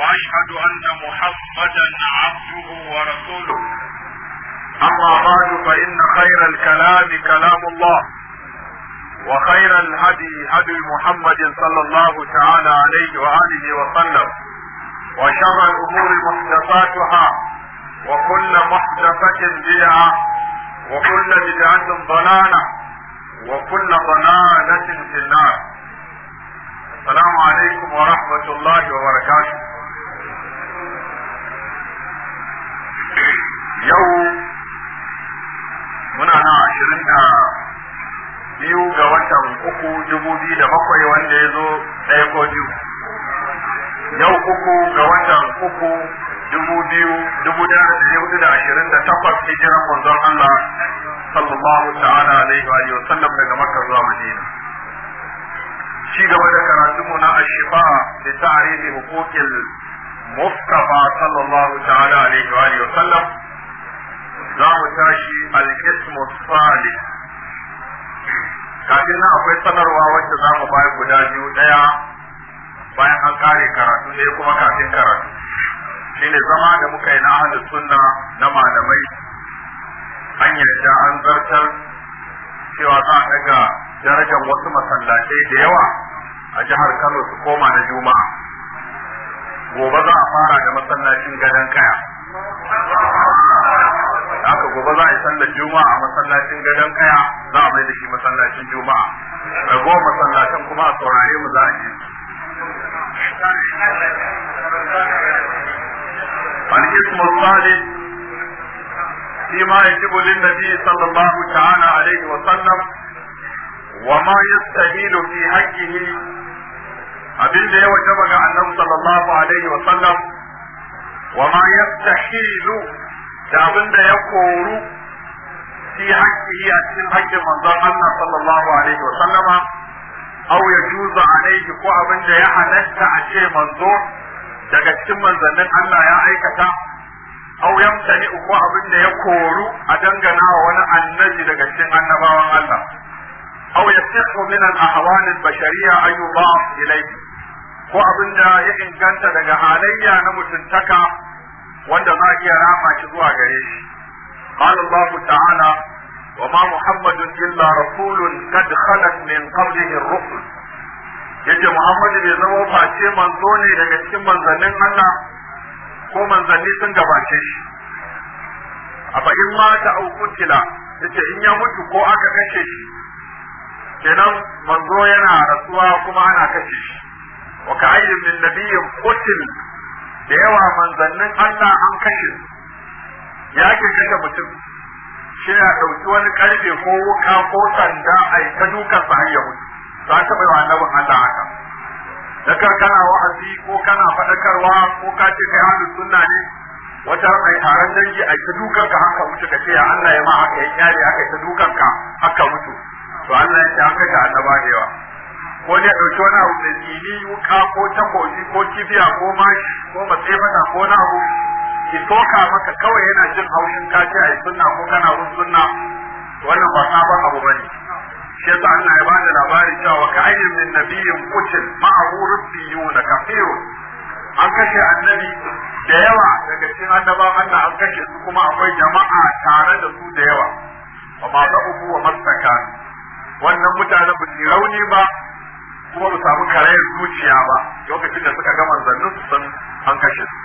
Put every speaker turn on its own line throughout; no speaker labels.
واشهد ان محمدا عبده ورسوله
اما بعد فان خير الكلام كلام
الله وخير الهدي هدي محمد صلى الله تعالى عليه واله وسلم وشر الامور محدثاتها وكل محدثه بدعه وكل بدعه ضلاله وكل ضلاله في النار السلام عليكم ورحمه الله وبركاته
yau
muna na ashirin da biyu ga watan uku dubu biyu da bakwai wanda ya zo ɗaya ko biyu yau uku ga watan uku dubu biyu dubu ɗaya da ɗari da ashirin da takwas hijiran manzon Allah sallallahu ta'ala alaihi wa sallam daga Makka zuwa Madina ci gaba da karatu mu na ashifa da ta'arifi huquqil مصطفى صلى الله تعالى عليه وآله وسلم زام تاشي الاسم الصالح kafin nan akwai sanarwa wacce za mu bayar guda biyu ɗaya bayan an kare karatu ne kuma kafin karatu ne zama da muka yi na ahalin sunna na malamai an yarda an zartar cewa za a daga darajar wasu masallatai da yawa a jihar Kano su koma na Juma'a gobe za a fara da masallacin gadon kaya haka gobe za a yi sallar juma'a a masallacin gadon kaya za a mai da shi masallacin juma'a ragowar masallacin kuma a saurare mu za a yi الاسم الثالث فيما يجب للنبي صلى الله Wa عليه وسلم وما يستهيل في حقه abin da ya wajaba ga annabi sallallahu alaihi wa sallam wa ma yastahilu da abin da ya koru fi haqqihi a cikin haƙƙin manzon Allah sallallahu alaihi wa sallama aw yajuzu alaihi ko abin da ya halatta a ce manzo daga cikin manzannin Allah ya aikata aw yamtani ko abin da ya koru a dangana wa wani annabi daga cikin annabawan Allah aw yasihu min al-ahwal al-bashariyya an yudaf ilayhi ko abin da ya inganta daga halayya na mutuntaka wanda za a iya rama shi zuwa gare shi قال الله تعالى وما محمد إلا رسول قد خلت من قبله الرسل Yadda Muhammadu bai zama face manzo ne daga cikin manzannin Allah ko manzanni sun gabace shi a in ma ta aukutila yace in ya mutu ko aka kashe shi kenan manzo yana rasuwa kuma ana kashe shi wa ka ayyin min nabiyyin qutil da yawa manzannin Allah an kashe ya ke kashe mutum shi ya ɗauki wani ƙarfe ko wuka ko sanda a yi ta dukan sa har ya mutu za ka bai wa annabin Allah haka dakar kana wa'azi ko kana faɗakarwa ko ka ce kai ahlus sunna ne wata mai taron dangi a ta dukan ka haka mutu ka ce ya Allah ya ma haka ya kyale haka ta dukan ka haka mutu to Allah ya ce haka da annaba da yawa ko dai ɗauki wani abu da ni wuka ko takobi ko kibiya ko mashi ko matsefata ko na abu ki soka maka kawai yana jin haushin ka ce ai sunna ko kana run sunna wannan ba sabon abu bane shi yasa Allah ya bada labari cewa ka ayyin min nabiyyin qutil ma'ahu da kafiru an kashe annabi da yawa daga cikin annabawan Allah an kashe su kuma akwai jama'a tare da su da yawa wa ma uku wa mastaka wannan mutanen ba su rauni ba samu karayar zuciya ba lokacin da suka gama zannu su san an kashe su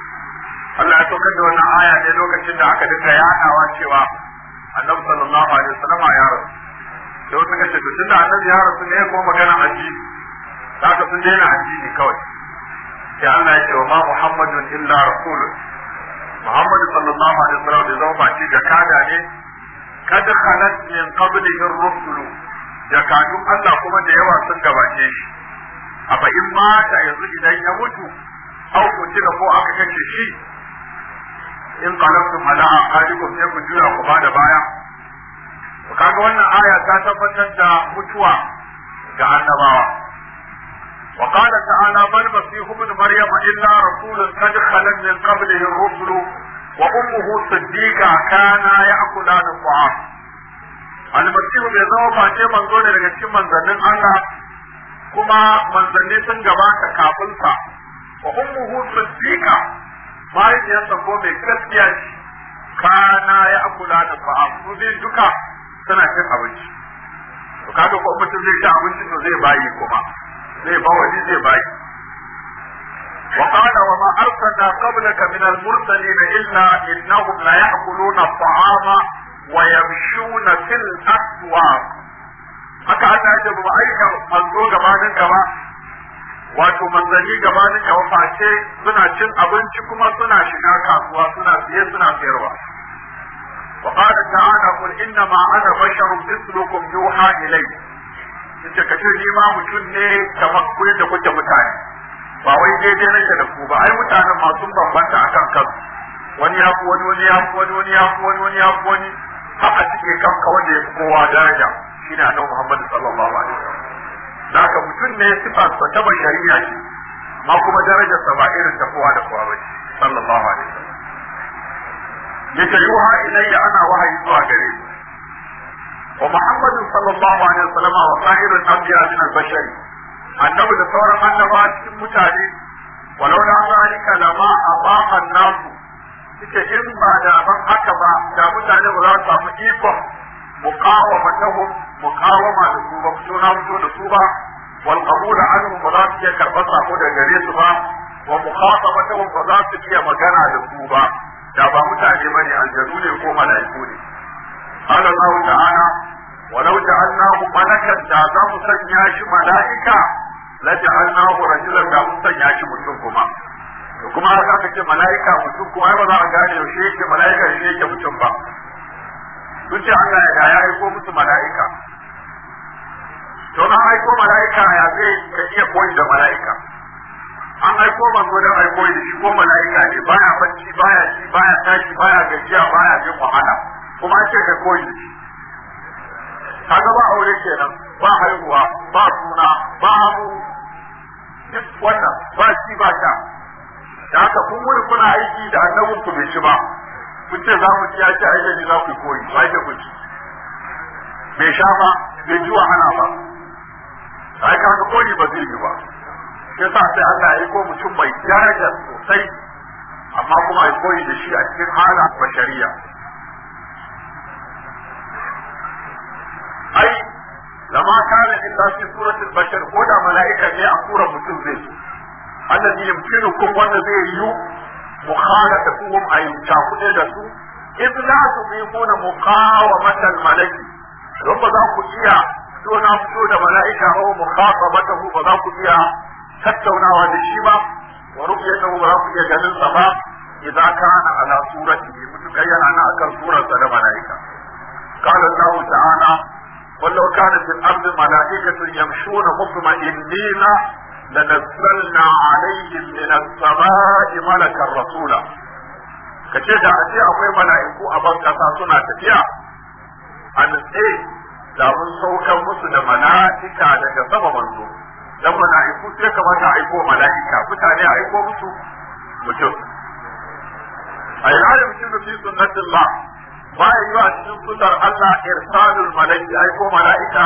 Allah ya saukar da wannan aya ne lokacin da aka dinga yaɗawa cewa annabi sallallahu alaihi wasallam ya rasu da wasu kace to tunda annabi ya rasu ne ko magana addini Saka sun daina addini kawai sai Allah ya ce wa ma Muhammadun illa rasulun Muhammadu sallallahu alaihi wasallam da zama baki da kada ne kada khalat min qablihi ar-rusul jakadun Allah kuma da yawa sun gabace shi amma in mata yanzu idan ya mutu au da ko aka kace shi in qalabtum ala aqalikum sai ku jira ku bada baya kaga wannan aya ta tabbatar da mutuwa ga annabawa wa qala ta'ala bal masihu ibn maryam illa rasulun qad khalan min qablihi ar-rusul wa ummuhu siddiqa kana ya'kulani at-ta'am al-masih bai zama face manzo ne daga cikin manzannin Allah kuma manzanne sun gaba ka kafinsa wa ummuhu siddiqa bayan ya sako mai gaskiya shi kana ya akula da ta'am zai duka tana cin abinci to kaga ko mutum zai ci abinci to zai bayi kuma zai ba wani zai bayi wa qala wa ma arsalna qablaka min al-mursalina illa innahum la ya'kuluna at-ta'ama wa yamshuna fil aswaq haka ana da ba aika manzo gabanin gaba, wato manzanni gabanin ka face suna cin abinci kuma suna shiga kasuwa suna siye suna sayarwa وقال تعالى قل إنما أنا بشر مثلكم يوحى إلي yace ka ce ni ma mutum ne kamar ku da kuke mutane ba wai daidai nake da ku ba ai mutanen ma sun bambanta akan kansu wani ya fi wani wani ya fi wani wani ya fi wani wani ya fi wani haka suke kanka wanda ya fi kowa daraja shine annabi Muhammad sallallahu alaihi wasallam da haka mutum ne sifar sa ta bashariya ce ma kuma darajar sa ba irin ta kowa da kowa bace sallallahu alaihi wasallam yace yuha ilayya ana wahayi zuwa gare ni wa Muhammad sallallahu alaihi wasallam wa sa'irul anbiya min al-bashar annabi da sauran annabawa cikin mutane walau da zalika lama abaha an-nasu suke in ba da ban haka ba da mutane ba za su samu ikon mukawamatahu مقاومة لسوبة سونا فتو لسوبة والقبول عنهم بذات هي كربطة خود جريسبا ومخاطبتهم بذات هي مجانا لسوبة دابا متعجي مني الجنو يقوم على الكوني قال الله تعالى ولو جعلناه ملكا دابا سنياش ملائكة لجعلناه رجلا دابا سنياش مسنكما kuma har aka ce mala'ika mutum ko ai ba za a gane yaushe yake mala'ika shi yake mutum duk da Allah ya ya aiko musu mala'ika aiko mala'ika ya zai ka iya koyi da mala'ika an aiko manzo da koyi da shi ko mala'ika ne baya bacci baya ci baya tashi baya gajiya baya jin wahala kuma ce ka koyi da shi kaga ba aure kenan ba haihuwa ba suna ba abu duk wannan ba shi ba ta da haka kun wuri kuna aiki da annabin ku bai ci ba kun ce za mu ci ya ce aiki za ku koyi ba ke ku ci bai sha ba bai ji wahala ba ai ka ga koli ba zai yi ba shi yasa sai Allah ya ko mutum mai daraja sosai amma kuma ai koyi da shi a cikin hala bashariya ai lama kana illa fi suratul bashar ko da mala'ika ne a kura mutum zai so allazi yumkinukum wanda zai yi mukhalafatuhum ay takude da su idza tuqimuna muqawamatal malaki don ba za ku iya to na fito da mala'ika aw mukhatabatahu ba za ku iya tattaunawa da shi ba wa ru'yatahu ba za ku iya ganin ba izaka kana ala surati mutuka yana akan surarsa da mala'ika قال الله تعالى ولو كانت الأرض ملائكة يمشون مطمئنين لنزلنا عليهم من السماء ملكا رسولا kace da a ce akwai mala'iku a ban kasa suna tafiya a nutse da mun saukar musu da mala'ika daga sama manzo dan mala'iku sai kamata a aiko mala'ika mutane a aiko musu mutum a yi alim shi fi sunnatin ba ba ya yi wa cikin sunnar Allah irsalul mala'ika aiko mala'ika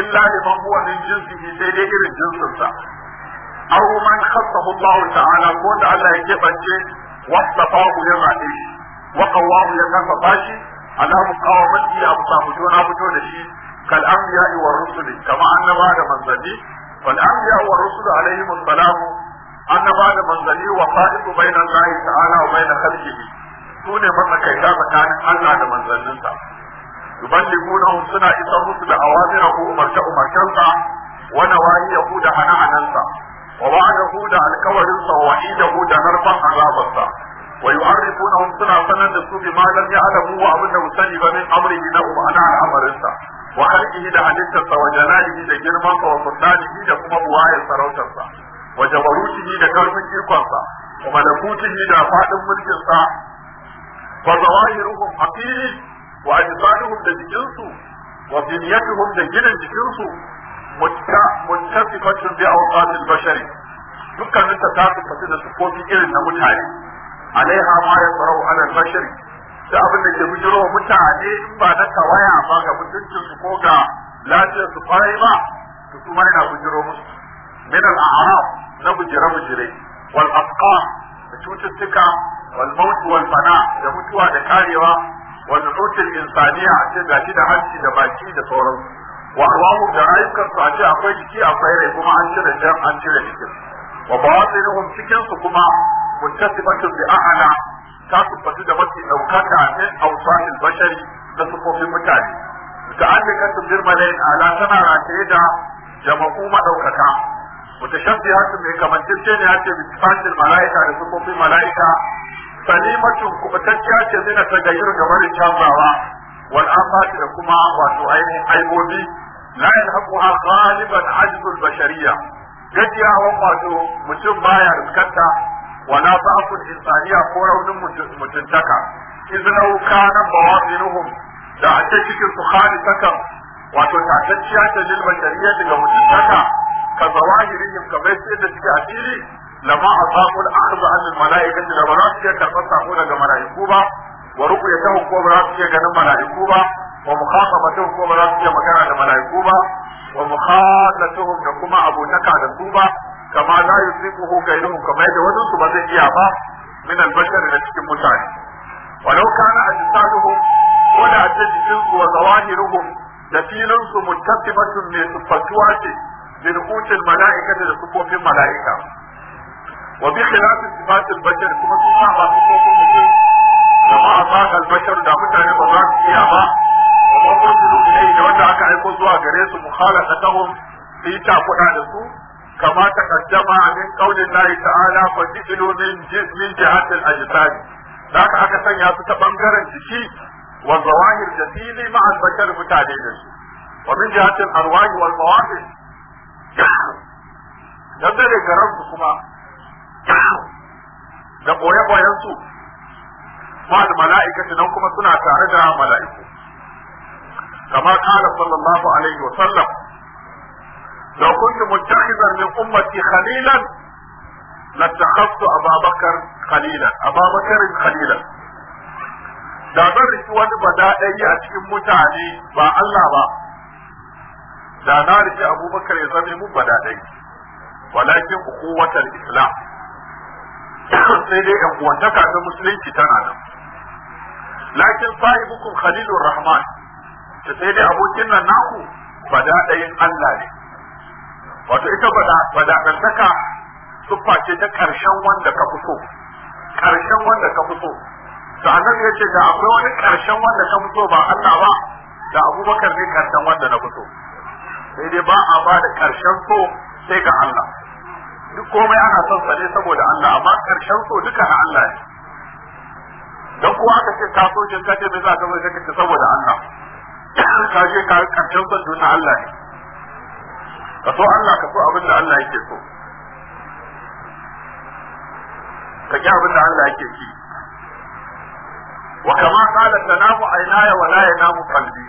illa liman huwa jinsi jinsihi sai dai irin jinsinsa aw man khassahu Allah ta'ala ko da Allah ya kebance wasafahu ya zabe shi wa qawahu ya kafa bashi ana mukawamati da abu samu juna fito da shi kal anbiya wa rusuli an annaba da manzanni wal anbiya wa rusulu alaihim An annaba da manzanni wa fa'idu bayna Allah ta'ala wa bayna khalqihi sune matsakaita tsakanin Allah da sa. manzanninsa yuballighunahu suna isa musu da awamirahu umarta umartansa wa nawahiyahu da hana-hanansa wa wa'adahu da alkawarinsa sa wa'idahu da narfan azabarsa wa yu'arrifunahum suna sanar da su bima lam ya'lamu wa abinda da musani ba min amrihi na ubana al'amarinsa wa khalqihi da halittarsa wa jalalihi da girmansa wa sultanihi da kuma buwayar sarautarsa wa jabarutihi da karfin ikonsa wa malakutihi da fadin mulkinsa wa zawahiruhum afili wa ajsaduhum da jikinsu wa da gidan jikinsu bashari dukkanin ta ta da sufofi irin na mutane alaiha ma ya tsarau ala bashari da abin da ke bujiro mutane in ba na tawaya ba ga mutuncin su ko ga lafiyar su kwarai ba to su ma yana bujiro musu min al na bujire bujire wal afqan da cututtuka wal maut wal fana da mutuwa da karewa wal hutul insaniya a ce gashi da hanci da baki da sauransu wa arwahu da rayukan su a ce akwai jiki akwai rai kuma an cire jan an cire jikin wa bawatinuhum cikin su kuma muttasibatun bi a'la ta tabbatu da mafi daukaka min awsatil bashari da sufofin mutane muta'alliqatun bil malayin ala tana rataye da jama'u madaukaka mutashabbihatun mai kamantacce ne ya ce bi sifatil malaika da sufofin malaika salimatun kubutacciya ce zina ta gayyar game da canzawa wal afati da kuma wato ainihin aibobi la yalhaquha ghaliban ajzul bashariyya gajiyawan wato mutum baya riskanta wa na ba'afun insaniya ko raunin mutuntaka izinau kana bawafinuhum da a ce cikin su khalisakan wato tatacciya ta lil bashariya daga mutuntaka ka ka bai sai da suke a fili lama a al-akhza an al-mala'ikati da ba za su iya karɓar sako daga mala'iku ba wa ruqyatuhum ko ba za su iya ganin mala'iku ba wa mukhaqabatuhum ko ba za su iya magana da mala'iku ba wa mukhallatuhum da kuma abotaka da su ba kama la yusibuhu ghayruhu kama yadda wani ba zai iya ba min albashar da cikin mutane walau kana ajsaduhum ko da ce jikin su wa zawahiruhum da filin su muttaqibatun ne su fatuwa ce bil utul mala'ikati da sufofin mala'ika wa bi khilaf sifatil bashar kuma su ba sufofin mutum kama asaqa albashar da mutane ba su iya ba kuma da wanda aka aiko zuwa gare su mukhalaqatahum su yi da su كما تقدم من قول الله تعالى فجئلوا من من جهة الأجساد ذاك أكثر يأتي تبنغر الجشي والظواهر جسيل مع البشر متعدين ومن جهة الأرواح والمواهب dangane ga ransu kuma da ɓoye-ɓoyensu ma da mala'ikatu nan kuma suna tare da mala'iku kama kala sallallahu alaihi wa sallam لو كنت متخذا من امتي خليلا لاتخذت ابا بكر خليلا ابا بكر خليلا da zan rufe wani bada'ayi a cikin mutane ba Allah ba da na rufe abubakar ya zame mun bada'ayi walakin ukuwatar islam sai dai yan uwantaka na musulunci tana nan lakin sahibukum khalilur rahman sai dai abokin nan naku bada'ayin Allah ne wato ita badatantaka suffa ce ta karshen wanda ka fi so wanda ka fi so annabi ya ce da akwai wani karshen wanda ka fi so ba Allah ba da abubakar ne karshen wanda na fi so sai dai ba a ba da ƙarshen so sai ga Allah duk komai ana son sa ne saboda Allah amma karshen so duka na Allah ne dan kuwa aka ce ka so jin bai za ka bai kace saboda Allah ka je ka karshen son na Allah ne ka so Allah ka so abin da Allah yake so ka ki abin da Allah yake ki wa kama qala tanamu aynaya wa la yanamu qalbi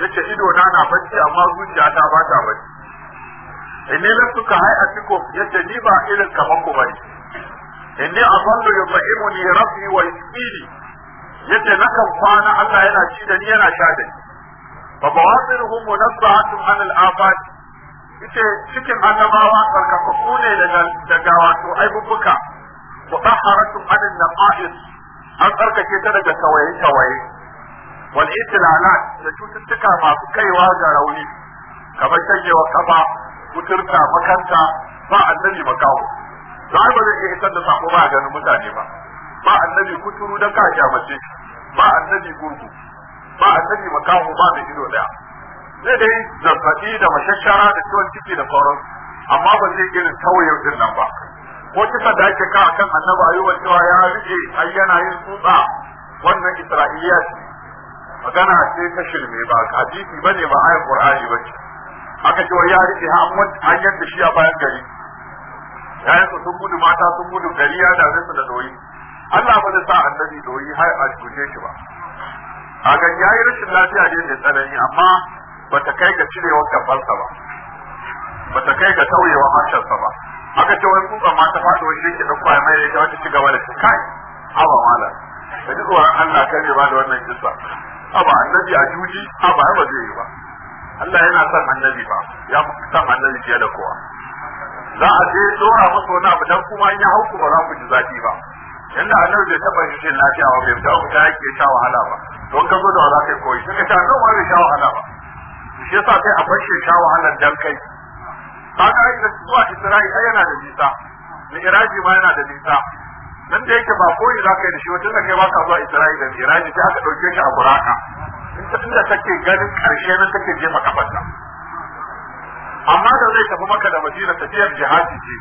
yace ido na na bacci amma zuciya ta ba ta bacci inni lastu ka hayatikum yace ni ba irin kaman ku bane inni azallu yut'imuni rabbi wa yusqini yace nakan kwana Allah yana ci da ni yana sha da ni fa bawatirhum munazzahatun anil afat yace cikin annabawa barkaku ne daga daga wato aibubbuka wa taharatu adin naqais an tsarkake ta daga tawaye tawaye wal itlalat da cututtuka masu kaiwa ga rauni kamar shanyewa kafa kuturta makanta ba annabi makawo Za a ba zai iya isar da sako ba ganin mutane ba ba annabi kuturu da ka mace ba annabi gurgu ba annabi makawo ba da ido daya zai dai zazzaɓi da mashashara da ciwon ciki da sauran amma ba zai gina tawaye din nan ba ko kisa da ake ka akan annaba ayyuba cewa ya rike ai yana yin tsutsa wannan isra'iliya ce magana ce ta shirme ba hadisi ne ba ayin qur'ani ba ce aka ce ya rike ha an hanyar da shi a bayan gari yayin su sun gudu mata sun gudu gari ya da su da doyi Allah ba zai sa annabi doyi har a cuce shi ba a ga yayi rashin lafiya ne mai tsanani amma bata kai ga cirewar kafarsa ba bata kai ga tauyewar harshensa ba aka ce wai kuka ma ta faɗo shi ke ɗauko a mai da wata cigaba gaba da kai haba mala da ji tsoron Allah kan ba da wannan kisa haba annabi a juji haba ba zai yi ba Allah yana son annabi ba ya fi son annabi fiye da kowa za a je tsora musu wani abu dan kuma in ya hauku ba za ku ji zafi ba Yadda annabi bai taɓa shi lafiya ba bai fita ku ta yake sha wahala ba don ka zo da wa za ka yi koyi suka sha nawa bai sha wahala ba shi yasa sai a fashe sha wahalar dan kai ba ka rai zuwa isra'i ai yana da nisa mi'raji ma yana da nisa nan da yake ba koyi za ka yi da shi wata kai ba ka zuwa isra'i da mi'raji sai aka ɗauke shi a buraka inda kake ganin karshe nan kake jefa kafarta amma da zai tafi maka da madina tafiyar jihadi ce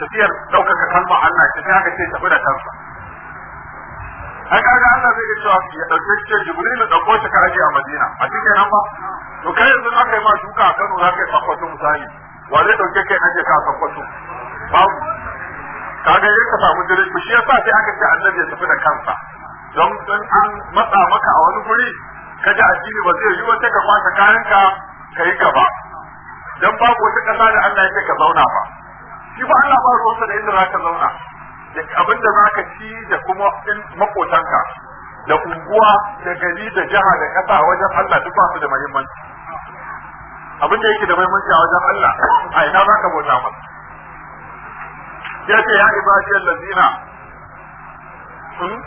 tafiyar ɗaukaka kalma Allah ce sai aka ce tafi da kansa an kaga Allah zai iya cewa ya dauke shi Jibril da dauko ta karaje a Madina a cikin nan ba to kai yanzu aka kai ma shuka a Kano za ka yi sakwato misali wa zai dauke kai ake ka sakwato babu kaga yayin ka samu dare shi yasa sai aka ce annabi ya tafi da kansa don don an matsa maka a wani guri a addini ba zai yi wa sai ka kwashe kayanka ka yi gaba dan babu wata kasa da Allah ya ce ka zauna ba shi ba Allah ba ruwansa da inda za ka zauna da abin da zaka ci da kuma makotanka da unguwa da gari da jiha da kasa wajen Allah duk ba su da muhimmanci abin da yake da muhimmanci a wajen Allah a ina zaka bauta masa ce ya allazina ladina hmm?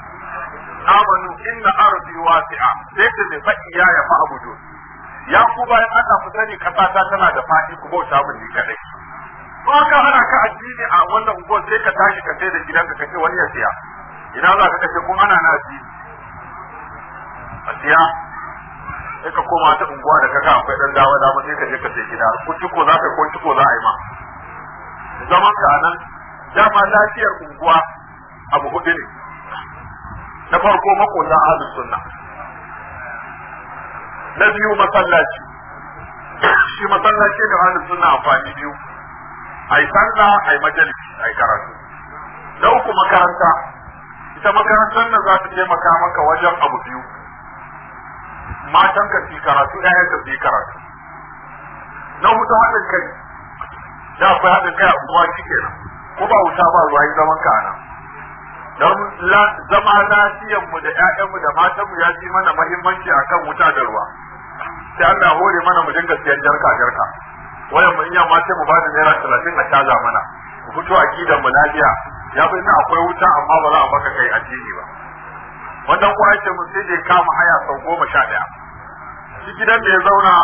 amanu inna ardi wasi'a sai ce mai faɗi ya yafa abudu ya ku bayan Allah ku sani kasa ta tana da fadi ku bauta mun ni kadai ko ka hana ka addini a wannan unguwar sai ka tashi ka sai da gidanka ka ce wani ya siya idan za ka kace kuma ana na addini a siya sai ka koma ta unguwa da kaga akwai dan dawa da ba sai ka je ka sai gida ko za ka ko ciko za a yi ma zaman ka nan dama lafiyar unguwa abu hudu ne na farko makolla ahlus sunna na biyu masallaci shi masallaci da ahlus sunna amfani biyu ai sallah ai majalisi ai karatu da uku makaranta ita makarantar nan za ta taimaka maka wajen abu biyu matan ka ci karatu da ka su karatu na huta haɗin kai da akwai haɗin kai a unguwa shi kenan ko ba wuta ba ruwa yi zaman ka nan don zama mu da 'ya'yanmu da matanmu ya ci mana mahimmanci akan wuta da ruwa sai Allah hore mana mu dinga siyan jarka jarka wayan mu iya ma sai mu bada naira talatin a caza mana ku fito a akidan mu lafiya ya bai na akwai wuta amma ba za a baka kai addini ba wannan kuwa ce mu sai dai kama haya sau goma sha ɗaya shi gidan da ya zauna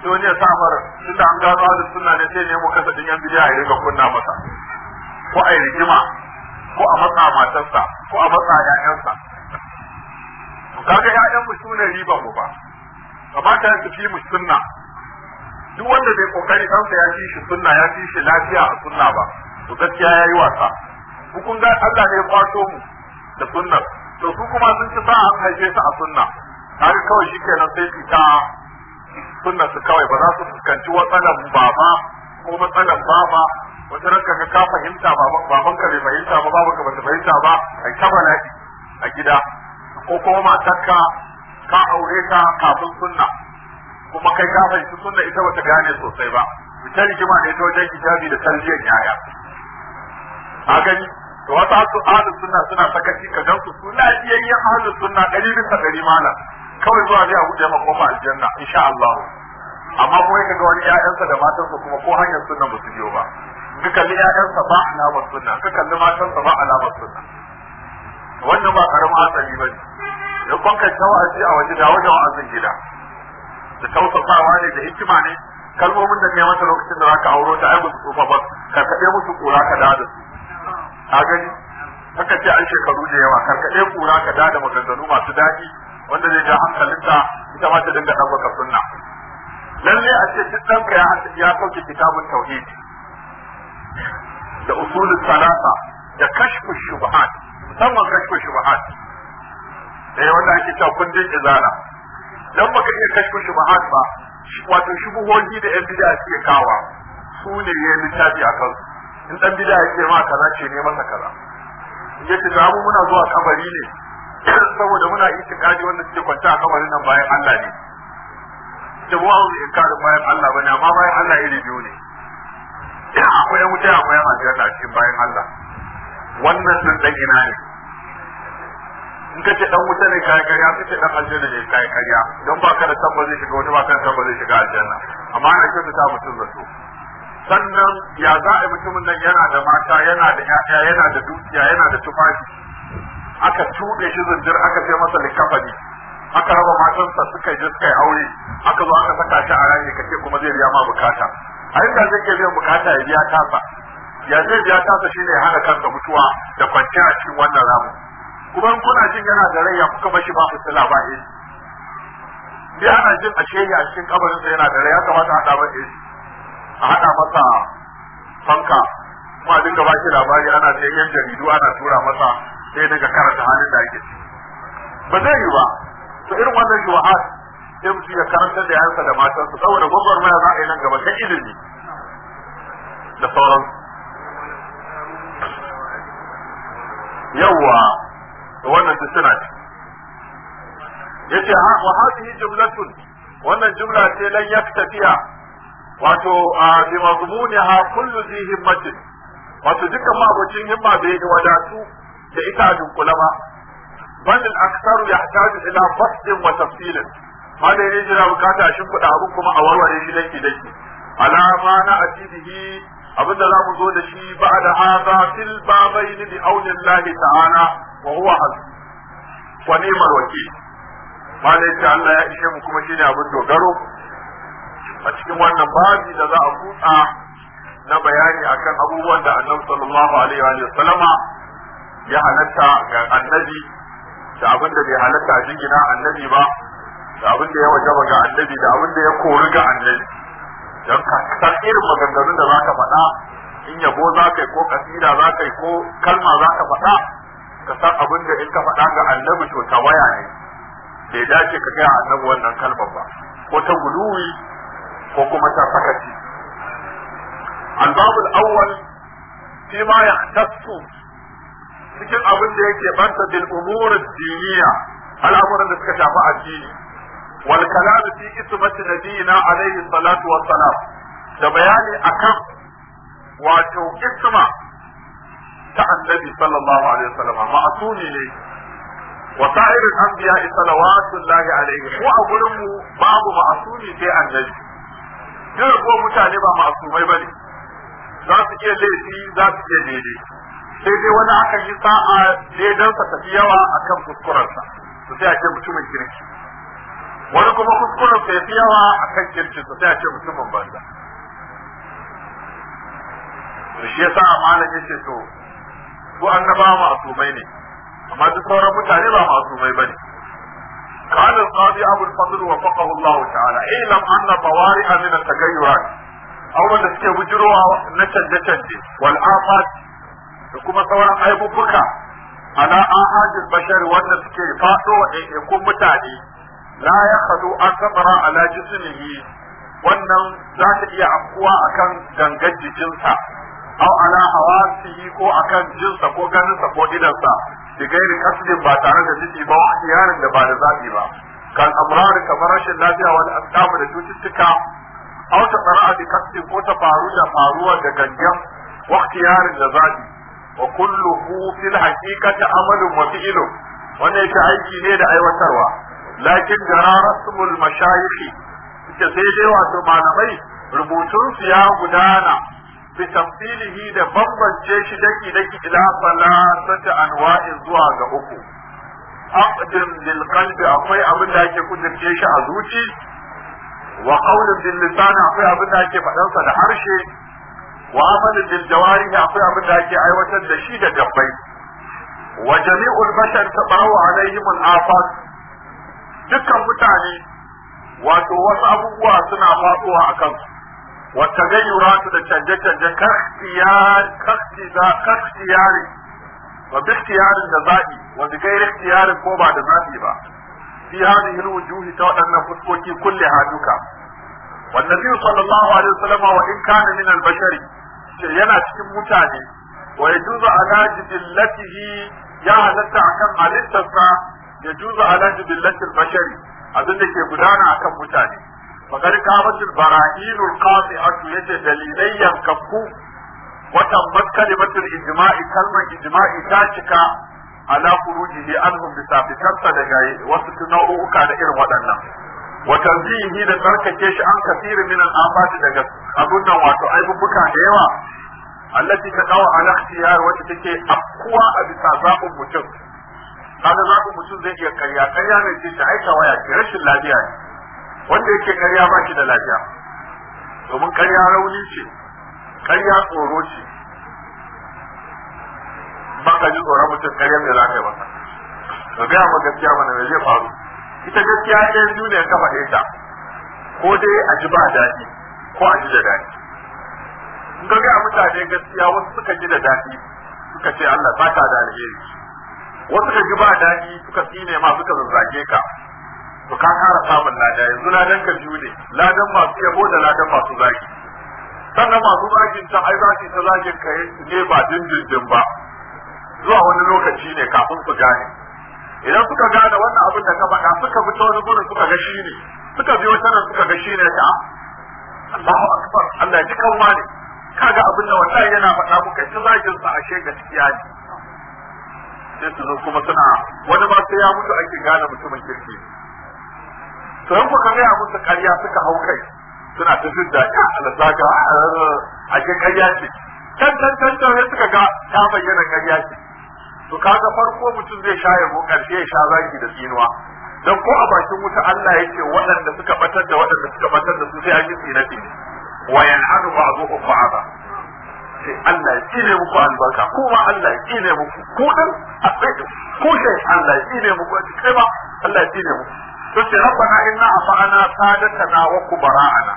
sai wani ya sa da tunda an gano da sunna ne sai ne mu kasa din yan bidiya a riga kunna masa ko a yi rigima ko a matsa matarsa ko a matsa ƴaƴansa kaga ya'yan mu sune riba mu ba kamata su fi mu sunna duk wanda bai kokari kansa ya fi shi sunna ya fi shi lafiya a sunna ba to gaskiya ya yi wasa hukun ga Allah ne ya kwato mu da sunna to su kuma sun ci sa'a an haife su a sunna har kawai shi kenan sai su ta sunna su kawai ba za su fuskanci ba baba ko matsalan baba wata ranka ka ka fahimta baban ka bai fahimta ba babanka ka bata fahimta ba ai ta bala'i a gida ko kuma matarka ka aure ka kafin sunna kuma kai ka fahimci sunna ita bata gane sosai ba misali rigima ne ta wajen kitabi da tarbiyyar yaya a gani da wasu hasu ahlus sunna suna sakaci ka dan su lafiyayyen ahlus sunna ɗari bisa ɗari malam kawai zuwa zai abu da makoma aljanna insha Allah amma kuma kaga wani ƴaƴansa da matansa kuma ko hanyar sunna ba su biyo ba ka kalli ƴaƴansa ba alamar sunna ka kalli matansa ba alamar sunna wannan ba karamin hatsari ba ne da kwankan tawazi a waje da wajen wa'azin gida da tausasawa ne da hikima ne kalmomin da ne mata lokacin da zaka auro ta ai su tsufa ka kaɗe musu kura ka da su a gani haka ce an shekaru da yawa ka kaɗe kura ka da da maganganu masu daɗi wanda zai ja hankalinta ita ma ta dinga ɗaukaka sunna lalle a ce duk ɗanka ya ya sauke kitabun tauhid da usulul salasa da kashfu shubahat musamman kashfu shubuhat eh wanda ake cewa kundin izara dan baka iya kashe shi ba wato shubuhohi da yan bid'a suke kawa su ne ya yi littafi a kansu in dan bid'a yake ma kaza ce ne masa kaza yace da mu muna zuwa kabari ne saboda muna itikadi wanda suke kwanta a kabarin nan bayan Allah ne da mu an inkarin bayan Allah bane amma bayan Allah iri biyu ne akwai wuta akwai aljanna cikin bayan Allah wannan sun dan ina ne in ka ce dan wuta ne kai kariya ka ce dan aljanna ne kai kariya don ba ka da san ba zai shiga wani ba ka san ba zai shiga aljanna amma ana ta mutum zato sannan ya za a mutumin nan yana da mata yana da ƴaƴa yana da dukiya yana da tufafi aka tuɗe shi zindir aka sai masa likafani aka raba matansa suka je suka yi aure aka zo aka saka shi a rani ka ce kuma zai biya ma bukata a inda zai ke biyan bukata ya biya tasa ya zai biya tasa ne hana kansa mutuwa da kwanciya a cikin wannan ramu kuma kuna jin yana da rai ya kuka bashi ba fitila ba eh sai ana jin a ce a cikin kabarin sa yana da rai ya kamata a haɗa eh a haɗa masa fanka kuma dinga ba labari ana sai yan jaridu ana tura masa sai daga karanta halin da ake ba zai yi ba to irin wannan shuhat sai mutum ya karanta da yansa da matansa saboda gwagwarmaya za a yi nan gaba ta ilimi da sauransu yawwa to wannan duk suna ci yace ha wa hadhihi jumlatun wannan jumla ce lan tafiya. wato bi mazmuniha kullu zi himmatin wato dukkan ma'abocin himma bai wadatu da ita dunkula ba bal al-aktharu yahtaju ila fasdin wa tafsilin malai ne jira bukata shin kuɗa abin kuma a warware shi dake dake alama na asibihi abinda za mu zo da shi ba da haza fil babai ni bi aunin lahi ta'ala وهو huwa ونيم الوكيل ما ليس Allah ya ishe mu kuma shine abin dogaro a cikin wannan babi da za a kusa na bayani akan abubuwan da annabi sallallahu alaihi wa ya halatta ga annabi da abin da bai halatta a jingina annabi ba da abin da ya wajaba ga annabi da abin ya kori ga annabi don ka san maganganun da zaka faɗa in yabo za ka yi ko kasida za ka yi ko kalma za ka faɗa ka san abin da in ka faɗa ga annabi to tawaya ne bai dace ka gaya annabi wannan kalmar ba ko ta guduwi ko kuma ta sakaci albabul awwal fi ma yahtassu cikin abin da yake banta bil umur diniya al'amuran da suka shafi addini wal kalam fi ismati nabiyina alayhi salatu wa salam da bayani akan wato isma ta annabi sallallahu alaihi wasallam ma'asumi ne wa sa'irul anbiya salawatullahi alaihi ko a gurin mu babu ma'asumi sai annabi duk ko mutane ba ma'asumai bane za su iya laifi za su iya daidai sai dai wani aka yi sa'a daidansa tafi yawa akan kuskurensa su sai a ce mutumin kirki wani kuma kuskuren sa yafi yawa akan kirki su sai a ce mutumin banza to shi yasa malam yake to su annabawa ma'asumai ne amma duk sauran mutane ba ma'asumai bane قال القاضي أبو الفضل وفقه الله تعالى اعلم أن طوارئ من التغيرات أولا تسكي بجروا نتن نتن والآفات يكون سواء أيب بكى على آهات البشر وأن تسكي فاتوا يكون متاني لا يخلو أكبر على جسمه wannan za ta iya afkuwa akan gangar jikinsa aw ala yi ko akan jinsa ko ganinsa ko idansa bi gairi kasdin ba tare da nufi ba wa yaron da ba da zabi ba kan amrar kamar rashin lafiya wal asqam da cututtuka aw ta fara'a bi kasdin ko ta faru da faruwa da gangan wa ikhtiyarin da zabi wa kulluhu fil haqiqati amalun wa fi'lu wannan yake aiki ne da aiwatarwa lakin jara rasmul mashayikh sai dai wato malamai rubutunsu ya gudana bitafsilihi da bambance shi daki daki ila salasati anwa'i zuwa ga uku aqdim lil qalbi akwai abin da ake kudurce shi a zuci wa qawlun akwai abin da ake faɗan sa da harshe wa amalin bil jawari akwai abin da ake aiwatar da shi da gabbai wa jami'ul bashar tabawu alaihim dukkan mutane wato wasu abubuwa suna faɗowa a kansu والتغيرات تشنجة تشنجة كاختيار كاختيار كاختيار وباختيار النزائي وبغير اختيار كوبا دزائي با في هذه الوجوه تودن فسكوكي كلها دوكا والنبي صلى الله عليه وسلم وإن كان من البشر yana cikin mutane wa ya juzu ala jibillatihi ya halatta akan halittarsa ya juzu ala jibillatil bashari abin da ke gudana akan mutane فقد كانت البراهين القاطعة يجد دليلي ينكفو وتمت كلمة الإجماع كلمة إجماع تاتك على خروجه عنهم بسابقات لغاية وستنوء كان إروانا وتنزيه لتركه عن كثير من الآفات لغاية أظن واتو أي ببكا ديوا التي تقوى على اختيار وتتكي أقوى أبسا ذاق المتن هذا ذاق المتن زي يكريا كريا نجيش عيشة ويكي رش اللادية wanda yake karya ba shi da lafiya domin karya rauni ce karya tsoro ce ba ka ji tsoron mutum karya mai lafiya ba ka gaya ma gaskiya mana me zai faru ita gaskiya ɗayan yanzu ne kafa ɗaya ko dai a ji ba daɗi ko a ji da daɗi in ka mutane gaskiya wasu suka ji da daɗi suka ce Allah ba ta da alheri wasu ka ji ba daɗi suka tsine ma suka zazzage ka to ka kara samun lada yanzu ladan ka biyu ne ladan masu yabo da ladan masu zagi sannan masu zagin ta ai zagi ta zagin ka ne ba dindindin ba zuwa wani lokaci ne kafin su gane idan suka gane wannan abin da ka faɗa suka bi ta wani gurin suka ga shi ne suka bi wata nan suka ga shi ne ta Allahu akbar Allah ji kan ne kaga abin da wallahi yana faɗa muka ci zagin sa ashe gaskiya ne sai su zo kuma suna wani ba sai ya mutu ake gane mutumin kirki to yan kuka gaya musu karya suka hau kai suna da jin daɗi alasaka ah, a ke karya ce can can can can sai suka ga ta bayyana karya ce to kaga farko mutum zai sha yabo karshe ya sha zaki da tsinuwa dan ko a bakin wuta Allah ya ce waɗanda suka batar da waɗanda suka batar da su sai a yi tsinati wa yan'adu ba'dhuhum ba'dha sai Allah ya tsine muku albarka ko ma Allah ya tsine muku ko dan a ko sai Allah ya tsine muku kai ma Allah ya tsine muku sai ce rabbana inna afa'ana sadatana wa kubara'ana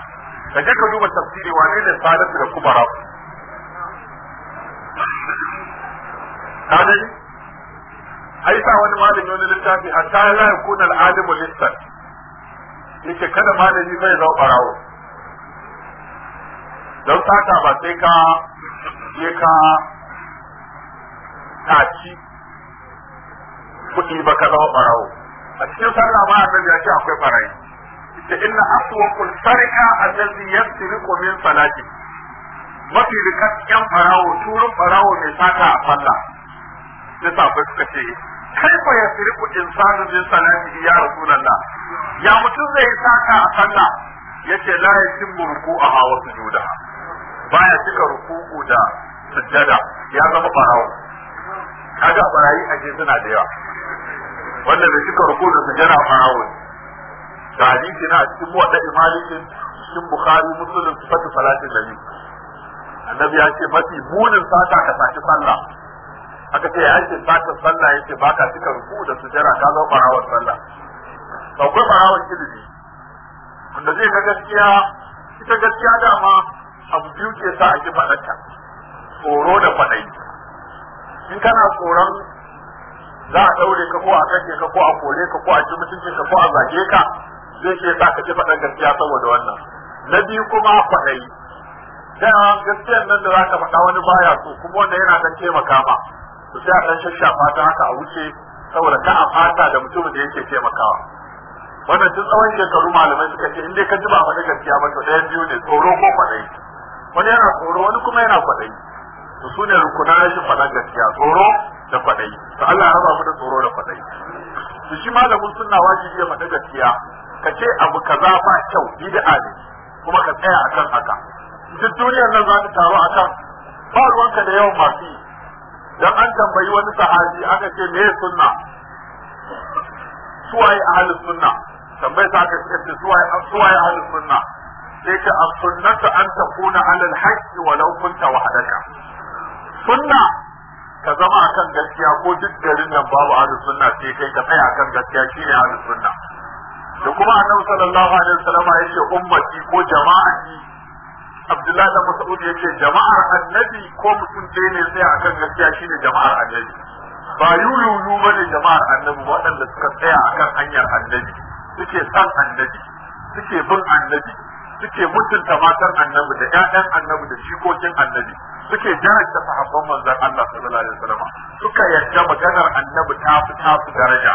da ka duba tafsiri wane ne sadatu da kubara kadai ai sa wani malami ne littafi hatta la yakuna al-alimu lissan yake kada malami zai zo barawo don sata ba sai ka je ka taci kuɗi ba ka zama barawo a cikin sallah ba a ya ce akwai barayi da inna aswaqul sarika allazi yasriqu min salati mafi rikakken farawo turun farawo mai sata a sallah sai sabai suka ce kai fa yasriqu insanu min salati ya rasulullah ya mutum zai sata a sallah yace la yatimmu ruku'aha wa sujudaha baya cika ruku'u da sujjada ya zama farawo kaga barayi a suna da yawa wanda da suka ruku da su jana farawun da hadisi na cikin muwadda imalikin cikin musulun su fata salatin nabi annabi ya ce mafi munin sata ka saci sallah aka ce ya ce sata sallah ba baka suka ruku da su jana ka zo farawun sallah akwai farawun kilimi. wanda zai ga gaskiya ita gaskiya dama abu biyu ke sa a ji faɗarta tsoro da faɗai in kana tsoron za a daure ka ko a kake ka ko a kore ka ko a ci mutuncin ka ko a zage ka zai ce sa ka ji faɗar gaskiya saboda wannan na biyu kuma kwaɗayi dan gaskiyan nan da za ka faɗa wani baya so kuma wanda yana ɗan taimaka ma to sai a ɗan shashafa ta haka a wuce saboda ka a fata da mutumin da yake taimakawa wannan tun tsawon shekaru malamai suka ce in dai ka ji ba faɗi gaskiya ba to ɗayan biyu ne tsoro ko kwaɗayi wani yana tsoro wani kuma yana kwaɗayi to su ne rukunan rashin faɗan gaskiya tsoro da kwadai to Allah ya raba mu da tsoro da kwadai to shi malamin sunna wajibi ya faɗa gaskiya ka ce abu kaza ba kyau bid'a ne kuma ka tsaya akan haka duk duniyar nan za ta taru akan ba ruwanka da yawan masu yi dan an tambayi wani sahabi aka ce me sunna suwaye ahlus sunna tambayi sa aka ce suwaye suwaye ahlus sunna sai ka as-sunnatu an takuna ala al walau kunta sunna ka zama akan gaskiya ko duk garin nan babu ahlus sunna sai kai ka tsaya akan gaskiya shine ahlus sunna da kuma annabi sallallahu alaihi wasallam ya ce ummati ko jama'a Abdullahi da Mas'ud ya ce jama'ar annabi ko mutum ɗaya ne sai akan gaskiya shine jama'ar annabi ba yuyu ba ne jama'ar annabi waɗanda suka tsaya akan hanyar annabi suke san annabi suke bin annabi suke mutunta matan annabi da 'ya'yan annabi da shikokin annabi suke daraja sahabban manzon Allah sallallahu alaihi wasallam suka yadda maganar annabi ta fi ta su daraja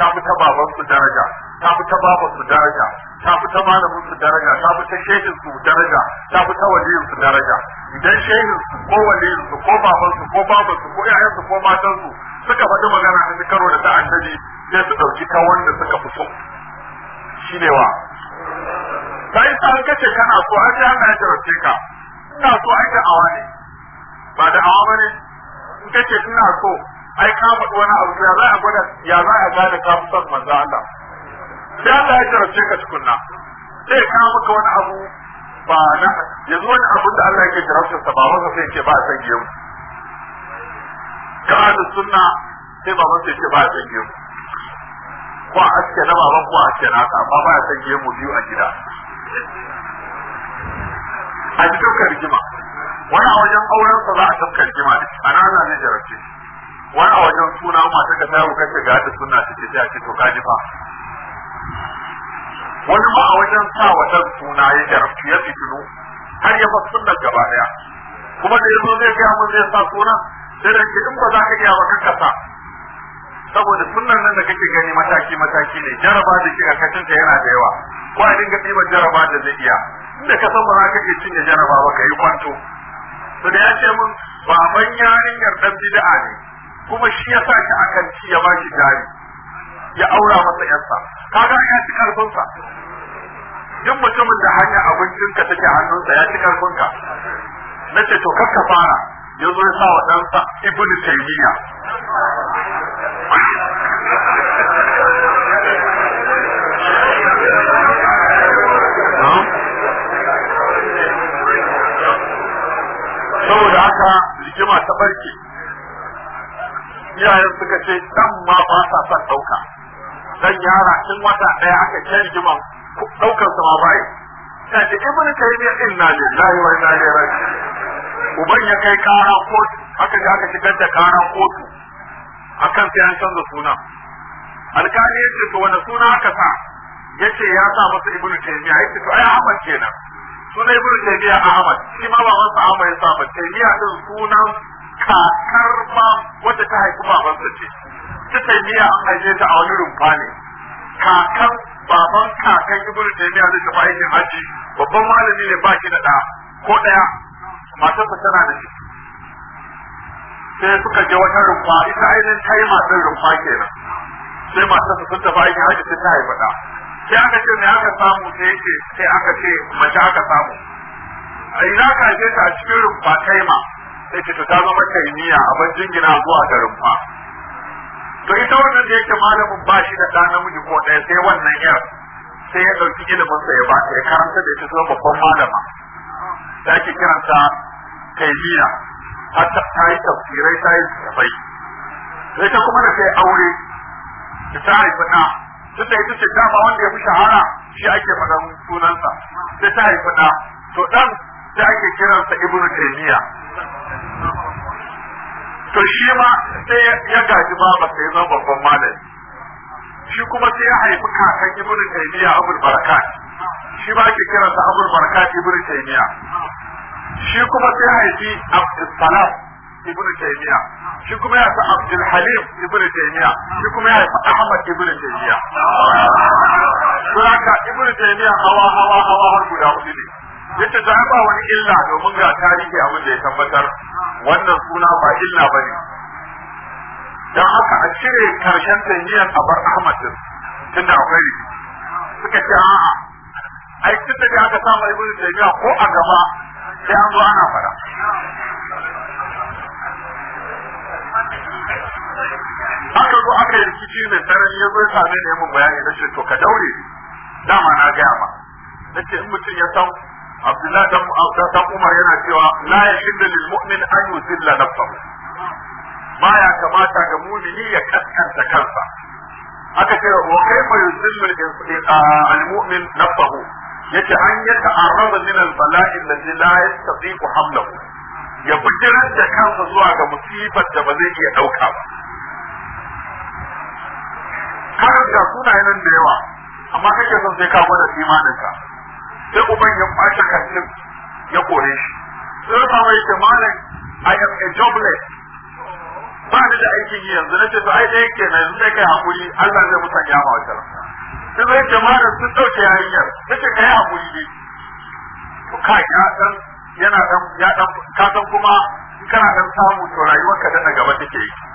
ta fi ta baban su daraja ta fi ta baban su daraja ta fi ta malamin su daraja ta fi ta shehin su daraja ta fi ta waliyin su daraja idan shehin su ko waliyin su ko baban su ko baban su ko ƴaƴan su ko matan su suka faɗi magana a karo da ta annabi sai su ɗauki ta wanda suka fi so shine wa sai sa kace kana so har ya na ka ina so ai da awani ba da awa bane in kace ina so ai ka faɗi wani abu ya za a gwada ya za a gane ka fi son manzo Allah
sai Allah ya jarabce
ka cikin nan. sai ka maka wani abu ba na yanzu wani abu da Allah yake jarabce sa baban sa sai yake ba a san gemu ka da sunna sai baban sa yake ba a san gemu ko a aske na baban ko a aske na ka amma ba a san mu biyu a gida a cikin rigima wani a wajen auren sa za a tafkar jima da ana ana ne jarabce wani a wajen suna masu ka tayo kace ga da suna ta ce ta ce to ka jifa. wani ma a wajen sa wata suna ya jarabce ya fitinu har ya fasu sunnar gaba daya kuma da yazo zai ga mun zai sa suna sai da ke in ba za ka iya ba kanka sa saboda sunnan nan da kake gani mataki mataki ne jaraba da kika kacinta yana da yawa ko a dinga ɗiban jaraba da zai iya inda ka san ba za ka ke cinye jaraba ba ka yi kwanto to da ya ce mun baban yarinyar dan bid'a ne kuma shi ya sa shi akan ci ya bashi jari ya aura masa yarsa kaga ya ci karfin sa duk mutumin da hanya abincin ka take hannunsa ya ci karfin ka nace to kakka fara ya ya sa wa ɗansa ibnu taymiya rigima ta barke iyayen suka ce dan ma ba sa son ɗauka dan yara tun wata ɗaya aka ce rigima ɗaukar sa ma ba yi ta ce ibn eh, taymiya inna lillahi wa inna ilaihi raji'un uban ya kai kara kotu aka ji aka shigar da kara kotu akan sai an canza suna alkali ya ce to wani suna aka sa ya ce ya sa masa ibn taymiya ya ce to ai ahmad kenan Sunai bin taymiya ahmad shi ma baban sa ahmad ya saba taymiya din sunan kakar ma wata ta haifi baban sa ce ta taymiya an haife ta a wani rumfa ne kakan baban kakan ibn taymiya zai shafa aikin haji babban malami ne baki da da ko ɗaya. matarsa tana da shi sai suka je wata rumfa ita ainihin ta yi matar rumfa kenan sai matarsa sun tafi aikin haji sai ta haifi da sai aka ce me aka samu sai yake sai aka ce mace aka samu a ina ka je ta cikin rumfa kaima sai ce ta zama kaimiya abin jingina zuwa ga rumfa to ita wannan da yake malamin ba shi da ɗan namiji ko ɗaya sai wannan yar sai ya ɗauki ilimin sa ya ba ya karanta da ita zuwa babban malama da ake kiranta kaimiya har ta yi tafsirai ta yi tafai sai ta kuma da sai aure ta haifi na tun da ita ce dama wanda ya fi shahara shi ake faɗan sunansa sai ta haifi ɗa to ɗan da ake kiransa ibnu taymiya to shi ma sai ya gaji baba sai zama babban malami shi kuma sai ya haifi kakan ibnu taymiya abul barakat shi ba ake kiransa abul barakat ibnu taymiya shi kuma sai ya haifi abdus salam ibn taymiya shi kuma ya sa abdul halim ibn taymiya shi kuma ya sa ahmad ibn taymiya don ka ibn taymiya hawa hawa hawa har guda hudu ne yace ta ba wani illa domin ga tarihi abin da ya tabbatar wannan suna ba illa bane dan haka a cire karshen taymiyan a bar ahmad din tunda akwai suka ce a'a ai tunda da aka samu ibn taymiya ko a gaba sai an zo ana fara aka yi rikici mai tsanani ya zo ya same ni mun bayani na ce to ka daure dama na gaya ma na ce in mutum ya san Abdullahi da Umar yana cewa la yahillu lil mu'min an yuzilla nafsahu baya kamata ga mu'mini ya kaskanta kansa aka ce wa kaifa yuzillu al mu'min nafsahu yace an yata'arrada min al bala'i alladhi la yastati'u hamlahu ya bijirar da kansa zuwa ga musibar da ba zai iya dauka ba har da sunayen nan da yawa amma kake son sai ka gwada imaninka sai uban ya kwace kantin ya kore shi sai ya samu yake malam I am a jobless ba ni da aikin yi yanzu na ce to ai ɗaya kenan yanzu sai kai hakuri Allah zai ya ma wata sai zai ce malam sun ɗauke yarinyar ta ce kai hakuri ne to ka ya dan yana dan ya dan ka san kuma kana dan samu to rayuwarka da gaba take yi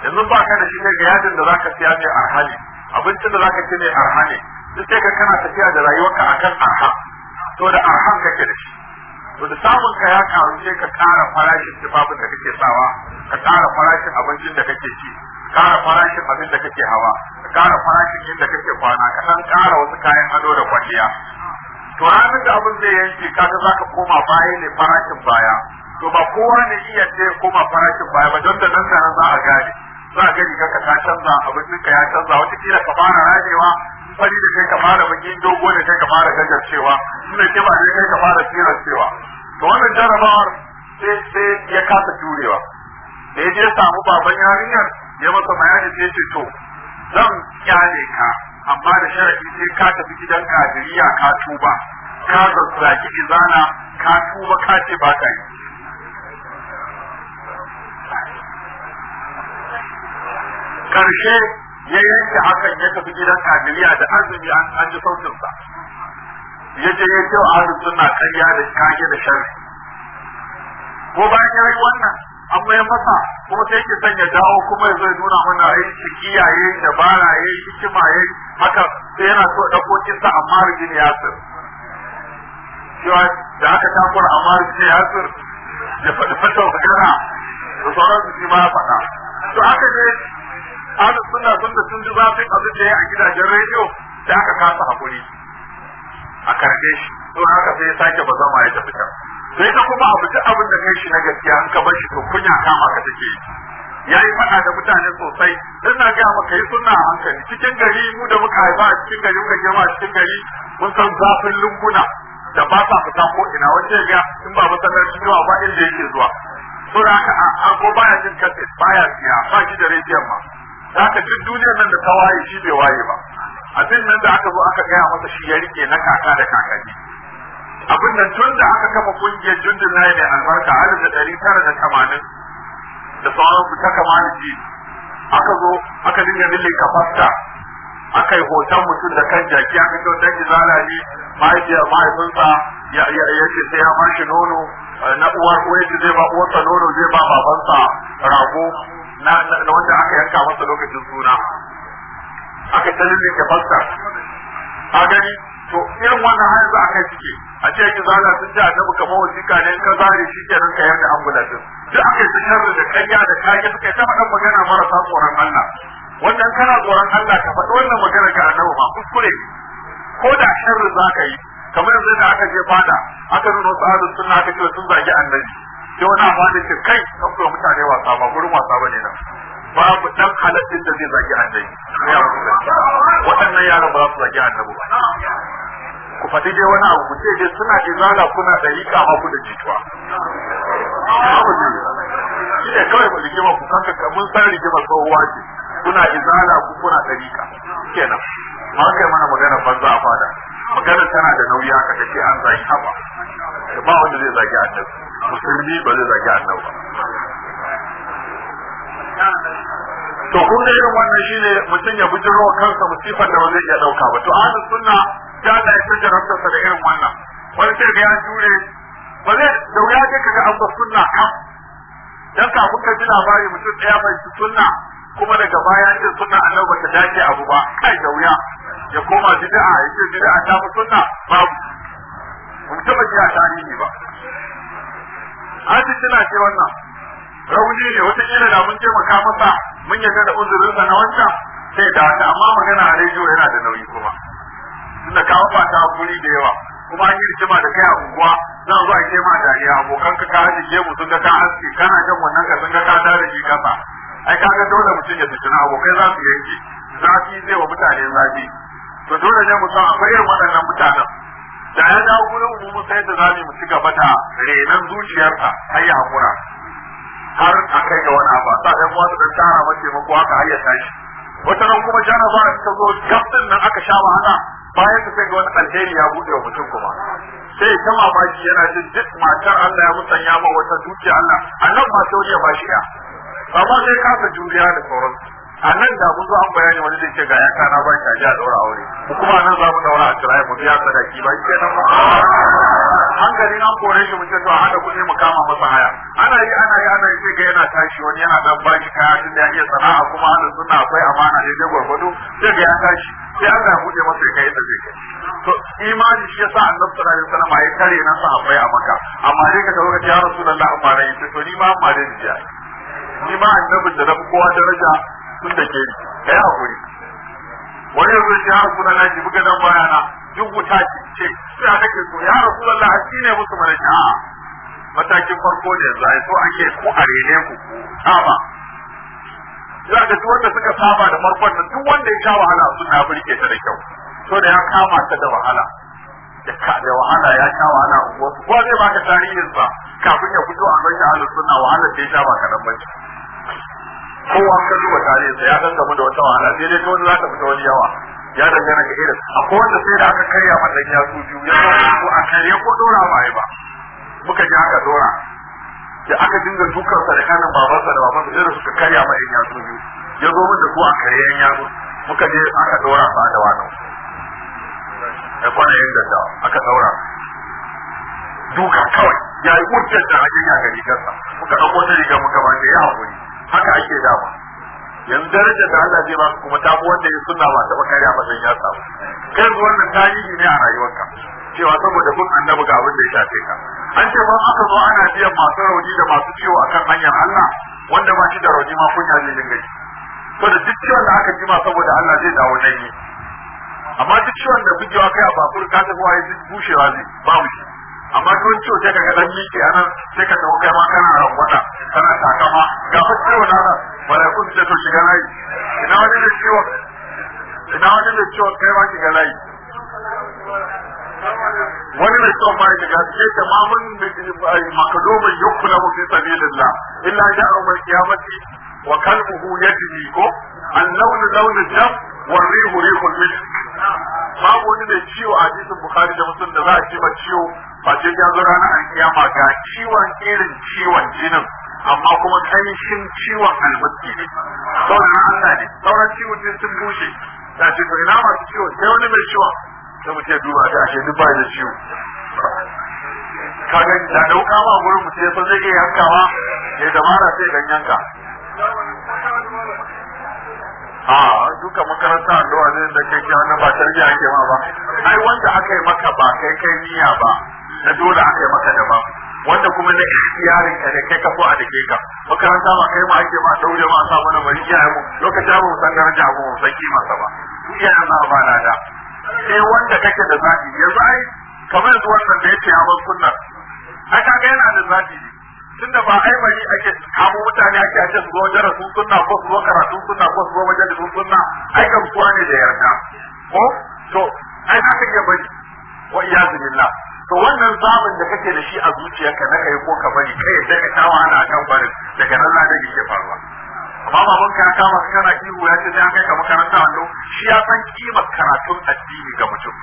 yanzu ba ka da shi kai ga yadin da zaka siya mai arha ne abincin da zaka ci mai arha ne duk sai ka kana tafiya da rayuwarka akan arha to da arhan kake da shi to da samun ka ya karu sai ka kara farashin tufafin da kake sawa ka kara farashin abincin da kake ci kara farashin abin da kake hawa ka kara farashin inda kake kwana ka san kara wasu kayan ado da kwaliya to ranar da abin zai yanke kaga zaka koma baya ne farashin baya to ba kowa ne iya ce koma farashin baya ba don da nan za a gane za a gani kanka ta canza abincin ka ya canza wata kila ka fara rajewa fari da kai ka fara bakin dogo da kai ka fara gajar cewa ina ke ba kai ka fara tsirar cewa to wannan jarabawar sai sai ya kasa jurewa da ya je samu baban yarinyar ya masa bayani sai ce to zan kyale ka amma da sharadi sai ka tafi gidan kadiriya ka tuba ka zazzaki izana ka tuba ka ce ba ka yi karshe ya yanke hakan ya tafi gidan kadiriya da azumi an ji sautinsa ya ce ya ce wa ahlus na karya da kage da sharri ko bayan ya yi wannan an bayan masa kuma sai ki sanya dawo kuma ya zai nuna mana ciki shikiya yi dabara yayi hikima yi haka sai yana so dauko kinsa amma ya yasir cewa da aka takura amma rijin yasir ya faɗi fata wa gana da sauran su ma ya faɗa to aka je. ahlus suna sun da sun ji zafin abin da ya a gidajen rediyo da aka kasa hakuri a karfe shi to haka sai ya sake ba zama ya tafi sai ta kuma abu duk abin da kai shi na gaskiya an ka bar shi to kunya kama ka take ya yi faɗa da mutane sosai dan na ga maka yi suna a hankali cikin gari mu da muka haifa a cikin gari muka girma a cikin gari mun san zafin lunguna da ba sa fita ko ina wanda ya ga in ba shi zuwa ba inda yake zuwa Sura ka a ko baya jin kasi baya siya ba shi da rediyon ma haka duk duniyar nan da ta waye shi bai waye ba abin nan da aka zo aka gaya masa shi ya rike na kaka da kakanni abin nan tun da aka kafa kungiyar jundun na mai albarka alif da ɗari tara da tamanin da sauran su ta ji, aka zo aka dinga nille kafasta aka yi hoton mutum da kan jaki aka ce dan izala ne mahaifiyar mahaifinsa ya ce sai ya mashi nono na uwar uwa zai ba uwarsa nono zai ba babansa rago na da wanda aka yanka masa lokacin suna aka ta lullun ke falsa a gani to irin wannan hanyar za a kai suke a ce ki zana sun ji annabi kamar wasiƙa ne ka zare shi ke nan ka yarda ambulatin duk aka yi su sharri da karya da kage suka yi ta faɗan magana marasa tsoron Allah wannan kana tsoron Allah ka faɗi wannan magana ga annabi ma kuskure ko da sharri za ka yi kamar yanzu da aka je fada aka nuna wasu ahlus sunna aka ce sun zagi annabi sai wani abu da ce kai kan kuma mutane wasa ba gurin wasa ba ne. nan babu dan halattun da zai zagi annabi waɗannan yaran ba za su zagi annabi ba ku faɗi dai wani abu ku ce dai suna izala kuna da rika ma ku da jituwa shi ne kawai mai rigima ku kanka kamun san rigima tsohuwa ce kuna izala ku kuna da rika kenan ma kai mana magana banza a fada magana tana da nauyi haka ce an zagi haba ba wanda zai zagi annabi musulmi ba zai zagi ba.
to kun da irin wannan
shi ne mutum ya bujiro kansa musifar da ba zai iya dauka ba to an suna ya da ya jarabta da irin wannan wani sai ga ya jure ba zai da wuya ka kaga an ba suna kan dan kafin ka ji labari mutum ɗaya bai su suna kuma daga baya ce suna a ba ta dace abu ba kai da wuya ya koma bid'a ya ce bid'a ta fi suna babu mutum ba ya tarihi ba haji tana ce wannan rauni ne wata kila da mun taimaka masa mun yarda da uzurinsa na wancan sai da haka amma magana a rediyo yana da nauyi kuma tunda kawo ba ta hakuri da yawa kuma an yi rikima da kai a unguwa za a zo a da dariya abokan ka ka haji mu sun ga ka haske kana jan wannan ka sun ga ka tare shi kasa ai ka ga dole mutum ya tuntuna abokai za su yanke zafi zai wa mutane zafi to dole ne mu san akwai irin waɗannan mutanen da ya dawo gurin mu mu sai da zamu mu ci gaba da renan zuciyarsa har ya hakura har a kai ga wani abu sa ɗan da tara mace mako aka har ya tashi wata ran kuma jana ba ta zo kafin nan aka sha wahala bayan ta sai ga wani alheri ya buɗe wa mutum kuma sai ta mamaki yana jin duk matar Allah ya musanya ma wata dukiya Allah a nan ma sai ya bashi ya amma sai kasa juriya da sauransu a nan da mun zo an bayani wani zai ce ga yaka na ba shi a daura aure kuma nan za mu daura a tsirai mu biya sadaki ba ke nan mu hankali an kore shi mu ce to a hada kuɗi mu kama masa haya ana yi ana yi ana yi sai ga yana tashi wani yana dan ba shi kaya tun da yake sana'a kuma ana suna akwai amana da dai gwargwado sai ga ya tashi sai an ga buɗe masa kai da zai kai to imani shi yasa annabi sallallahu alaihi wasallam ya kare na sahabbai a maka amma dai ka tawo ka ya rasulullahi amma dai to ni ba amma dai ni ba annabi da na kowa daraja sun da ke ka yi haƙuri wani yanzu shi har kuna na ki buga dan bayana duk wuta ce ce ya nake so ya rasulullah shi ne musu mana ki matakin farko ne yanzu yi so ake ko a rene ku ku saba za ka wanda suka saba da farkon nan duk wanda ya sha wahala sun ya burke ta da kyau so da ya kama ta da wahala da ka da wahala ya sha wahala wasu ko zai baka tarihin ba kafin ya fito a ganin halittu na wahala da ya sha ba kadan bace kowa ka duba tare sa ya san gamu da wata wahala sai dai ta wani za ta fita wani yawa ya dangana ga irin akwai wanda sai da aka karya mata ya su biyu ya ko a karya ko dora ba ba muka ji aka dora Ya aka dinga dukansa da kanin babansa da babansa irin suka karya ma ya su biyu ya zo min da ko a karya ya zo muka je aka dora ba da wani da kwanayin da aka daura duka kawai ya yi wuce da hajji ya gari kansa muka ɗauko ta riga muka ba da ya haƙuri haka ake dama yanzu darajar da Allah zai ba su kuma ta wanda ya suna ba taɓa bakari a matsayin ya samu kai wannan tarihi ne a rayuwarka cewa saboda kun annabi ga abin da ya shafe ka an ce ba aka zo ana biyan masu rauni da masu ciwo akan hanyar Allah wanda ba shi da rauni ma kunya zai dinga gaji to da duk ciwon da aka ji ma saboda Allah zai dawo nan ne. amma duk ciwon da bugewa kai a babur ka tafi waye bushewa ba babu shi amma tun ciwo sai ka ga dan miki anan sai ka tawo kai ma kana rangwata kana takama ga fa ciwo na nan wala kun ce to shiga nai ina wani da ciwo ina wani da ciwo kai ma shiga nai wani mai ciwon ma shiga ce ta mamun makadomin na mu fi sabilillah illa ya mai kiyamati wa kalbuhu yadihi ko an launu launin jam والريح ريح المسك babu wani mai ciwo a hadisin bukhari da muslim da za a ce ba ciwo ba ce ya zo ranar alkiyama ga ciwon irin ciwon jinin amma kuma kanshin ciwon albaski ne sauran Allah ne sauran ciwon din sun bushe da ce to ina masu ciwo sai wani mai ciwon sai mutum ya duba da ashe duk ba da ciwo
kaga da dauka ma gurin mutum ya san zai iya yankawa ya dabara sai dan yanka
a duka makaranta a doa zai da kai kyawun ba tarbiyya ake ma ba ai wanda aka yi maka ba kai kai niyya ba na dole aka yi maka da ba wanda kuma na ikhtiyarin ka ne kai ka ko a dake ka makaranta ma kai ma ake ma daure ma sa mana bari iyayen mu lokacin abu san daraja abu mu san kima sa ba iya ma ba na da sai wanda kake da zaki yanzu ai kamar yanzu wannan da yake a wasu Na kaga yana da zaki ne tunda ba ai bari ake kawo mutane ake ake su zo sun sunna ko su zo karatun sunna ko su zo sun sunna ai kan kuwa ne da yarda ko to ai haka ya bari wa iyazu billah to wannan zaman da kake da shi a zuciyarka na kai ko ka bari kai da ka tawa ana kan barin daga nan na da ke faruwa amma baban ka kama kana ihu ya ce sai an kai ka makaranta wando shi ya san kimar karatun addini ga mutum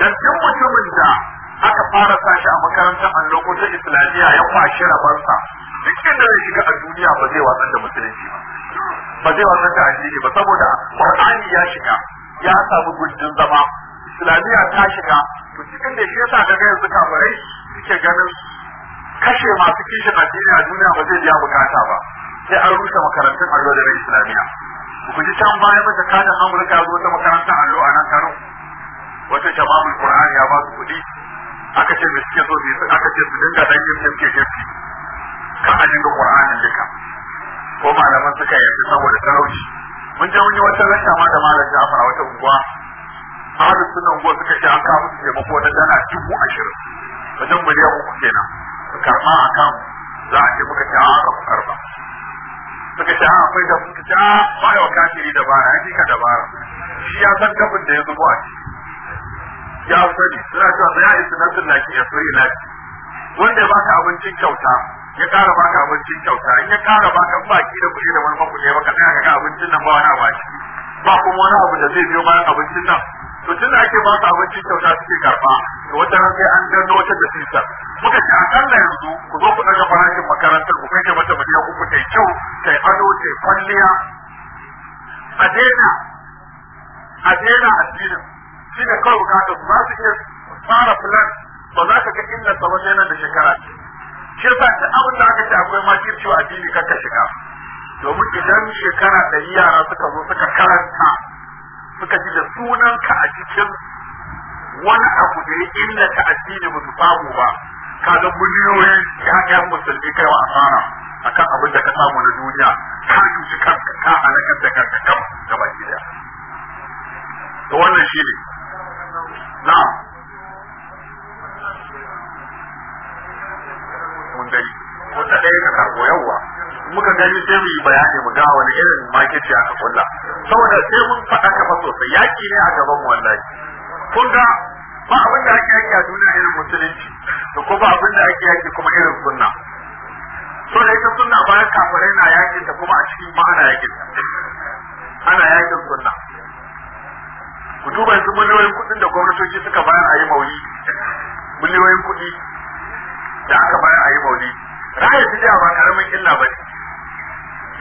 dan duk
mutumin da
aka fara sa shi a makarantar allo ko ta islamiyya ya kwashi rabarsa. duk inda zai shiga a duniya ba zai wasan da musulunci ba ba zai wasan da addini ba saboda qur'ani ya shiga ya samu gudun zama islamiyya ta shiga to cikin da shi yasa daga yanzu kafirai suke ganin kashe masu kishin addini a duniya ba zai biya bukata ba sai an rushe makarantun allo da na islamiyya ku ji can baya mata kada amurka zo ta makarantar allo a nan karo wata jama'ul qur'ani ya ba su kuɗi aka ce da suke so su aka ce su dinga dan yin tafke tafke kan a dinga qur'anin duka ko malaman suka yarda saboda talauci mun je mun yi wata rasha ma da malam Ja'far a wata unguwa ahlus sunna unguwa suka ce an kawo musu taimako na dana dubu ashirin wajen miliyan uku kenan su karɓa a kan za a ce muka ce a aka ku karɓa suka ce akwai da suka ce a ba yawa kafiri dabara ya ka dabara shi ya san gabin da ya zubo a ciki ya sani suna cewa da ya isa na ki ya yi laki wanda ya baka abincin kyauta ya kara baka abincin kyauta in ya kara baka baki da kuɗi da wani ba, baka tsaya ka ga abincin nan ba wani abaci a ciki ba kuma wani abu da zai biyo bayan abincin nan to tun da ake ba su abincin kyauta suke karba to wata ran sai an gano wata da sisa muka ce akalla yanzu ku zo ku daga farashin makarantar ku kai mata miliya uku tai kyau tai ado tai kwalliya a daina a daina addinin shi da kawai bukatar ba su iya fara filan ba za ka ga inda sa wajen da shekara ce shi yasa da abin da aka ce akwai makirci a addini ka shiga domin idan shekara da yara suka zo suka karanta suka ji da sunanka a cikin wani abu da ya illata addini ba su samu ba ka ga miliyoyin ƴaƴan musulmi kai wa asara akan abin da ka samu na duniya ka cuci kanka ka halakar da kanka kam gaba gida. da to wannan shi ne na'am mun gani ko ɗaya ka karɓo yawwa muka gani sai mu yi bayani mu ga wani irin makirci aka kulla saboda sai mun faɗa kafa sosai yaƙi ne a gaban wallahi kun ga ba abin da ake yaki a duniya irin musulunci da kuma abin da ake yaki kuma irin sunna so da ita sunna bayan kafirai na yakin ta kuma a cikin ma ana yakin ana yakin sunna ku duba yanzu miliyoyin kuɗin da gwamnatoci suka bayar a yi maulidi miliyoyin kuɗi da aka bayar a yi maulidi ra'ayi su ba karamin illa ba ne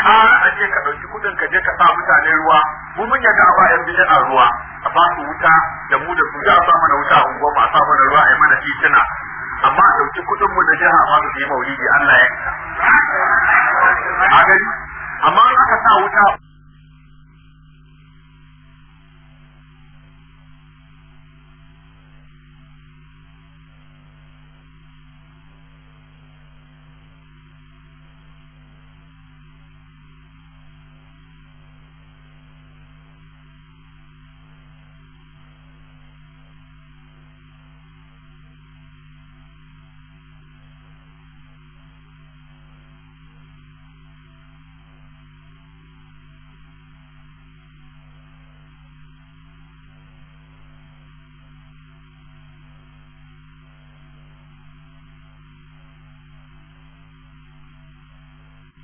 ka a je ka ɗauki kuɗin ka je ka sa mutane ruwa mu mun yaga a bayan yan a ruwa a ba su wuta da mu da su za a sa mana wuta a unguwa ba a sa mana ruwa a yi mana titina amma a ɗauki kuɗin mu da jiha a su yi maulidi Allah ya a gani amma aka sa wuta